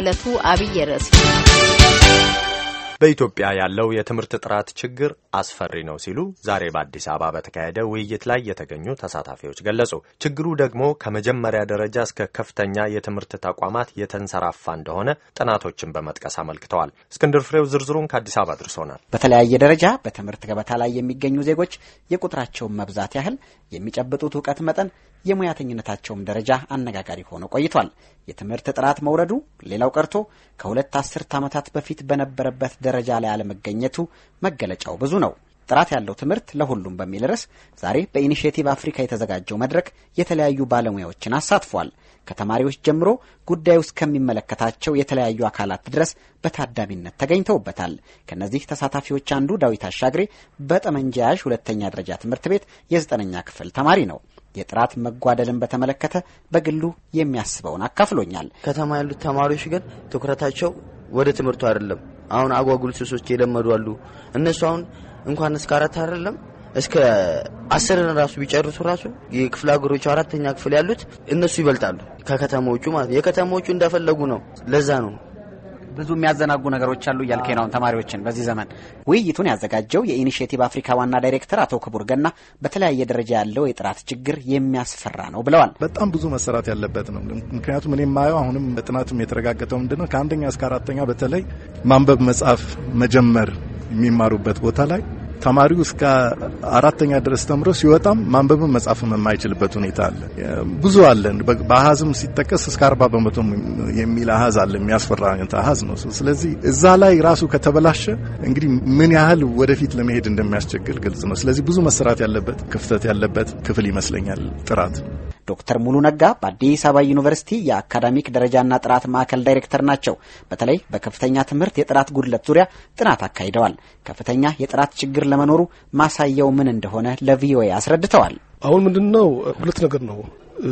የዕለቱ አብይ ርዕስ በኢትዮጵያ ያለው የትምህርት ጥራት ችግር አስፈሪ ነው ሲሉ ዛሬ በአዲስ አበባ በተካሄደ ውይይት ላይ የተገኙ ተሳታፊዎች ገለጹ። ችግሩ ደግሞ ከመጀመሪያ ደረጃ እስከ ከፍተኛ የትምህርት ተቋማት የተንሰራፋ እንደሆነ ጥናቶችን በመጥቀስ አመልክተዋል። እስክንድር ፍሬው ዝርዝሩን ከአዲስ አበባ አድርሶናል። በተለያየ ደረጃ በትምህርት ገበታ ላይ የሚገኙ ዜጎች የቁጥራቸውን መብዛት ያህል የሚጨብጡት እውቀት መጠን የሙያተኝነታቸውም ደረጃ አነጋጋሪ ሆኖ ቆይቷል። የትምህርት ጥራት መውረዱ፣ ሌላው ቀርቶ ከሁለት አስርት ዓመታት በፊት በነበረበት ደረጃ ላይ አለመገኘቱ መገለጫው ብዙ ነው። ጥራት ያለው ትምህርት ለሁሉም በሚል ርዕስ ዛሬ በኢኒሽቲቭ አፍሪካ የተዘጋጀው መድረክ የተለያዩ ባለሙያዎችን አሳትፏል። ከተማሪዎች ጀምሮ ጉዳዩ እስከሚመለከታቸው የተለያዩ አካላት ድረስ በታዳሚነት ተገኝተውበታል። ከእነዚህ ተሳታፊዎች አንዱ ዳዊት አሻግሬ በጠመንጃያዥ ሁለተኛ ደረጃ ትምህርት ቤት የዘጠነኛ ክፍል ተማሪ ነው። የጥራት መጓደልን በተመለከተ በግሉ የሚያስበውን አካፍሎኛል። ከተማ ያሉት ተማሪዎች ግን ትኩረታቸው ወደ ትምህርቱ አይደለም። አሁን አጓጉል ሱሶች የለመዱ አሉ። እነሱ አሁን እንኳን እስከ አራት አይደለም እስከ አስርን ራሱ ቢጨርሱ ራሱ የክፍለ ሀገሮች አራተኛ ክፍል ያሉት እነሱ ይበልጣሉ ከከተማዎቹ ማለት ነው። የከተማዎቹ እንደፈለጉ ነው። ለዛ ነው ብዙ የሚያዘናጉ ነገሮች አሉ እያልከኝ ነው ተማሪዎችን በዚህ ዘመን። ውይይቱን ያዘጋጀው የኢኒሽቲቭ አፍሪካ ዋና ዳይሬክተር አቶ ክቡር ገና በተለያየ ደረጃ ያለው የጥራት ችግር የሚያስፈራ ነው ብለዋል። በጣም ብዙ መሰራት ያለበት ነው። ምክንያቱም እኔ የማየው አሁንም በጥናቱም የተረጋገጠው ምንድነው ከአንደኛ እስከ አራተኛ በተለይ ማንበብ መጻፍ መጀመር የሚማሩበት ቦታ ላይ ተማሪው እስከ አራተኛ ድረስ ተምሮ ሲወጣም ማንበብም መጻፍም የማይችልበት ሁኔታ አለ። ብዙ አለን። በአሃዝም ሲጠቀስ እስከ አርባ በመቶ የሚል አሀዝ አለ። የሚያስፈራ አይነት አሃዝ ነው። ስለዚህ እዛ ላይ ራሱ ከተበላሸ እንግዲህ ምን ያህል ወደፊት ለመሄድ እንደሚያስቸግር ግልጽ ነው። ስለዚህ ብዙ መሰራት ያለበት ክፍተት ያለበት ክፍል ይመስለኛል ጥራት ዶክተር ሙሉ ነጋ በአዲስ አበባ ዩኒቨርሲቲ የአካዳሚክ ደረጃና ጥራት ማዕከል ዳይሬክተር ናቸው። በተለይ በከፍተኛ ትምህርት የጥራት ጉድለት ዙሪያ ጥናት አካሂደዋል። ከፍተኛ የጥራት ችግር ለመኖሩ ማሳያው ምን እንደሆነ ለቪኦኤ አስረድተዋል። አሁን ምንድን ነው ሁለት ነገር ነው።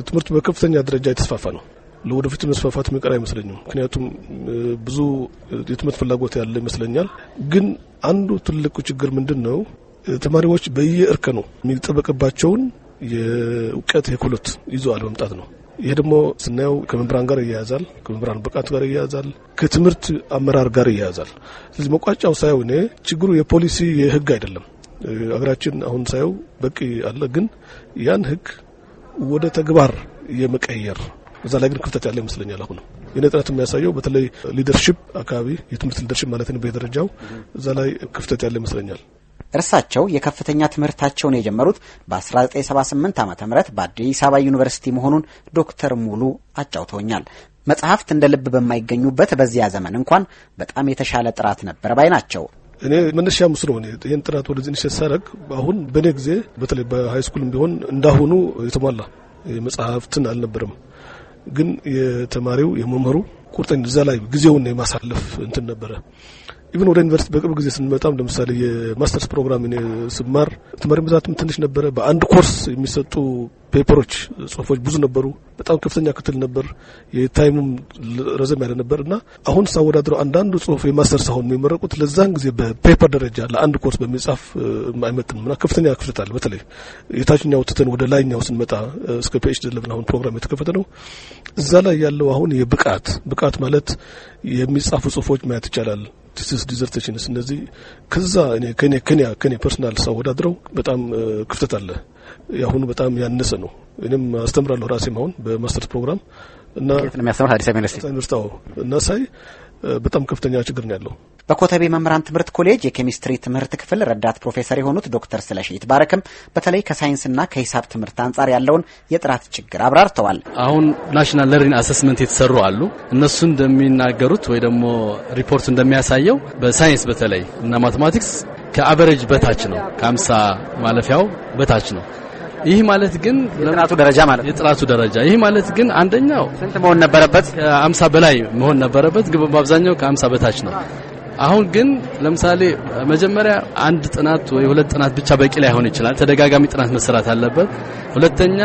ትምህርቱ በከፍተኛ ደረጃ የተስፋፋ ነው። ለወደፊት መስፋፋት የሚቀር አይመስለኝም። ምክንያቱም ብዙ የትምህርት ፍላጎት ያለ ይመስለኛል። ግን አንዱ ትልቁ ችግር ምንድን ነው? ተማሪዎች በየእርከ ነው የሚጠበቅባቸውን የእውቀት የክህሎት ይዞ አለመምጣት ነው። ይሄ ደግሞ ስናየው ከመምህራን ጋር እያያዛል፣ ከመምህራን ብቃት ጋር እያያዛል፣ ከትምህርት አመራር ጋር እያያዛል። ስለዚህ መቋጫው ሳየው እኔ ችግሩ የፖሊሲ የህግ አይደለም። አገራችን አሁን ሳየው በቂ አለ፣ ግን ያን ህግ ወደ ተግባር የመቀየር እዛ ላይ ግን ክፍተት ያለ ይመስለኛል። አሁን የኔ ጥናት የሚያሳየው በተለይ ሊደርሽፕ አካባቢ የትምህርት ሊደርሽፕ ማለት ነው በደረጃው እዛ ላይ ክፍተት ያለ ይመስለኛል። እርሳቸው የከፍተኛ ትምህርታቸውን የጀመሩት በ1978 ዓ ም በአዲስ አበባ ዩኒቨርሲቲ መሆኑን ዶክተር ሙሉ አጫውተውኛል። መጽሐፍት እንደ ልብ በማይገኙበት በዚያ ዘመን እንኳን በጣም የተሻለ ጥራት ነበር ባይ ናቸው። እኔ መነሻ ምስ ነው ይህን ጥራት ወደዚህ ንሸት ሳረግ አሁን በእኔ ጊዜ በተለይ በሀይ ስኩልም ቢሆን እንዳሁኑ የተሟላ መጽሐፍትን አልነበረም። ግን የተማሪው የመምህሩ ቁርጠኝ እዛ ላይ ጊዜውን የማሳለፍ እንትን ነበረ። ኢቭን ወደ ዩኒቨርሲቲ በቅርብ ጊዜ ስንመጣም ለምሳሌ የማስተርስ ፕሮግራም ስማር ተማሪ ብዛትም ትንሽ ነበረ። በአንድ ኮርስ የሚሰጡ ፔፐሮች፣ ጽሁፎች ብዙ ነበሩ። በጣም ከፍተኛ ክትል ነበር። የታይሙም ረዘም ያለ ነበር እና አሁን ሳወዳድረው አንዳንዱ ጽሁፍ የማስተርስ አሁን የሚመረቁት ለዛን ጊዜ በፔፐር ደረጃ ለአንድ ኮርስ በሚጻፍ አይመጥንም እና ከፍተኛ ክፍተት አለ። በተለይ የታችኛው ትተን ወደ ላይኛው ስንመጣ እስከ ፒኤች ደለብን አሁን ፕሮግራም የተከፈተ ነው። እዛ ላይ ያለው አሁን የብቃት ብቃት ማለት የሚጻፉ ጽሁፎች ማየት ይቻላል። ቲሲስ ዲዘርቴሽንስ እነዚህ ከዛ ከኔ ከኒያ ከኔ ፐርሰናል ሳወዳድረው በጣም ክፍተት አለ። የአሁኑ በጣም ያነሰ ነው። እኔም አስተምራለሁ ራሴም አሁን በማስተርስ ፕሮግራም እና አዲስ አበባ ዩኒቨርሲቲ እና ሳይ በጣም ከፍተኛ ችግር ነው ያለው። በኮተቤ መምህራን ትምህርት ኮሌጅ የኬሚስትሪ ትምህርት ክፍል ረዳት ፕሮፌሰር የሆኑት ዶክተር ስለሺ ይትባረክም በተለይ ከሳይንስና ከሂሳብ ትምህርት አንጻር ያለውን የጥራት ችግር አብራርተዋል። አሁን ናሽናል ለርኒንግ አሰስመንት የተሰሩ አሉ። እነሱ እንደሚናገሩት ወይ ደግሞ ሪፖርት እንደሚያሳየው በሳይንስ በተለይ እና ማቴማቲክስ ከአቨሬጅ በታች ነው፣ ከአምሳ ማለፊያው በታች ነው። ይህ ማለት ግን የጥራቱ ደረጃ ማለት የጥራቱ ደረጃ ይህ ማለት ግን አንደኛው ስንት መሆን ነበረበት? ከአምሳ በላይ መሆን ነበረበት። ግን በአብዛኛው ከአምሳ በታች ነው። አሁን ግን ለምሳሌ መጀመሪያ አንድ ጥናት ወይ ሁለት ጥናት ብቻ በቂ ላይሆን ይችላል። ተደጋጋሚ ጥናት መሰራት አለበት። ሁለተኛ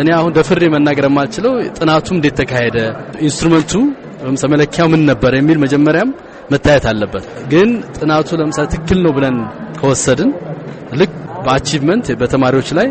እኔ አሁን ደፍሬ መናገር የማልችለው ጥናቱም እንዴት ተካሄደ፣ ኢንስትሩመንቱ ለምሳሌ መለኪያው ምን ነበር የሚል መጀመሪያም መታየት አለበት። ግን ጥናቱ ለምሳሌ ትክክል ነው ብለን ከወሰድን ልክ በአቺቭመንት በተማሪዎች ላይ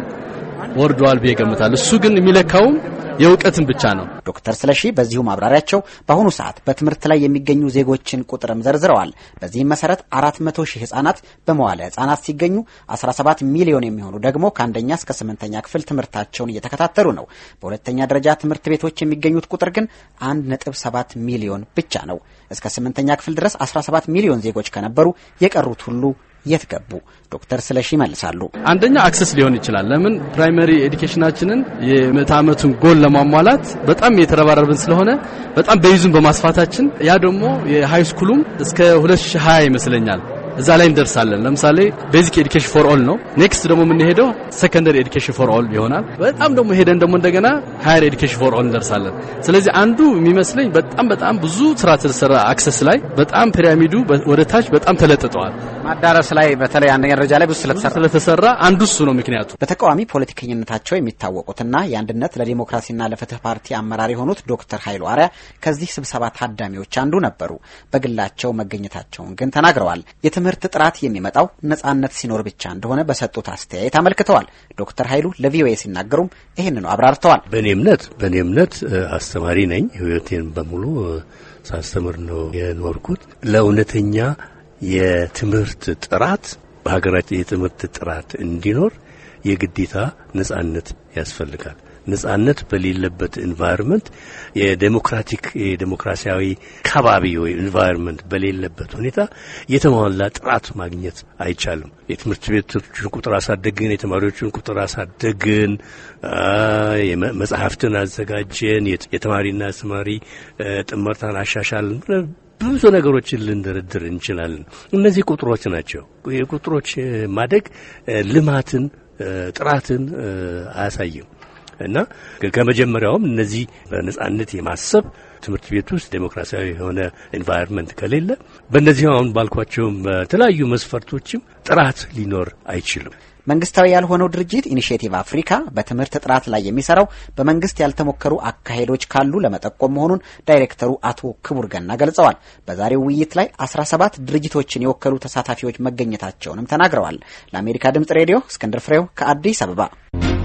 ወርዷል ብዬ ገምታል። እሱ ግን የሚለካውም የእውቀትን ብቻ ነው። ዶክተር ስለሺ በዚሁ ማብራሪያቸው በአሁኑ ሰዓት በትምህርት ላይ የሚገኙ ዜጎችን ቁጥርም ዘርዝረዋል። በዚህም መሰረት አራት መቶ ሺህ ህጻናት በመዋለ ህጻናት ሲገኙ 17 ሚሊዮን የሚሆኑ ደግሞ ከአንደኛ እስከ ስምንተኛ ክፍል ትምህርታቸውን እየተከታተሉ ነው። በሁለተኛ ደረጃ ትምህርት ቤቶች የሚገኙት ቁጥር ግን 1.7 ሚሊዮን ብቻ ነው። እስከ ስምንተኛ ክፍል ድረስ 17 ሚሊዮን ዜጎች ከነበሩ የቀሩት ሁሉ የት ገቡ? ዶክተር ስለሺ ይመልሳሉ። አንደኛ አክሰስ ሊሆን ይችላል። ለምን ፕራይመሪ ኤዲኬሽናችንን የምዕተ ዓመቱን ጎል ለማሟላት በጣም የተረባረብን ስለሆነ በጣም በይዙን በማስፋታችን ያ ደግሞ የሃይ ስኩሉም እስከ 2020 ይመስለኛል እዛ ላይ እንደርሳለን። ለምሳሌ ቤዚክ ኤዱኬሽን ፎር ኦል ነው። ኔክስት ደግሞ የምንሄደው ሰከንደሪ ኤዱኬሽን ፎር ኦል ይሆናል። በጣም ደግሞ ሄደን ደግሞ እንደገና ሃየር ኤዲኬሽን ፎር ኦል እንደርሳለን። ስለዚህ አንዱ የሚመስለኝ በጣም በጣም ብዙ ስራ ስለተሰራ አክሰስ ላይ በጣም ፒራሚዱ ወደ ታች በጣም ተለጥጠዋል። ማዳረስ ላይ በተለይ አንደኛ ደረጃ ላይ ብዙ ስለተሰራ አንዱ እሱ ነው ምክንያቱ። በተቃዋሚ ፖለቲከኝነታቸው የሚታወቁትና የአንድነት ለዲሞክራሲና ለፍትህ ፓርቲ አመራር የሆኑት ዶክተር ኃይሉ አርያ ከዚህ ስብሰባ ታዳሚዎች አንዱ ነበሩ። በግላቸው መገኘታቸውን ግን ተናግረዋል። የትምህርት ጥራት የሚመጣው ነጻነት ሲኖር ብቻ እንደሆነ በሰጡት አስተያየት አመልክተዋል። ዶክተር ኃይሉ ለቪኦኤ ሲናገሩም ይህንኑ አብራርተዋል። በእኔ እምነት በእኔ እምነት አስተማሪ ነኝ። ህይወቴን በሙሉ ሳስተምር ነው የኖርኩት። ለእውነተኛ የትምህርት ጥራት በሀገራችን የትምህርት ጥራት እንዲኖር የግዴታ ነጻነት ያስፈልጋል። ነጻነት በሌለበት ኢንቫይሮንመንት የዴሞክራቲክ የዴሞክራሲያዊ ከባቢ ወይ ኢንቫይሮንመንት በሌለበት ሁኔታ የተሟላ ጥራት ማግኘት አይቻልም። የትምህርት ቤቶችን ቁጥር አሳደግን፣ የተማሪዎችን ቁጥር አሳደግን፣ መጽሐፍትን አዘጋጀን፣ የተማሪና አስተማሪ ጥመርታን አሻሻልን ብዙ ነገሮችን ልንደረድር እንችላለን። እነዚህ ቁጥሮች ናቸው። የቁጥሮች ማደግ ልማትን ጥራትን አያሳይም። እና ከመጀመሪያውም እነዚህ በነጻነት የማሰብ ትምህርት ቤት ውስጥ ዴሞክራሲያዊ የሆነ ኤንቫይሮንመንት ከሌለ በእነዚህ አሁን ባልኳቸውም በተለያዩ መስፈርቶችም ጥራት ሊኖር አይችልም። መንግስታዊ ያልሆነው ድርጅት ኢኒሽቲቭ አፍሪካ በትምህርት ጥራት ላይ የሚሰራው በመንግስት ያልተሞከሩ አካሄዶች ካሉ ለመጠቆም መሆኑን ዳይሬክተሩ አቶ ክቡር ገና ገልጸዋል። በዛሬው ውይይት ላይ 17 ድርጅቶችን የወከሉ ተሳታፊዎች መገኘታቸውንም ተናግረዋል። ለአሜሪካ ድምጽ ሬዲዮ እስክንድር ፍሬው ከአዲስ አበባ